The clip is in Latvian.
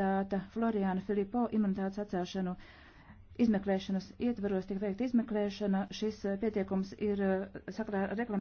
deputāta Floriāna Filipo imunitātes atcelšanu. Izmeklēšanas ietvaros tiek veikta izmeklēšana. Šis uh, pietiekums ir uh, sakrā reklamā.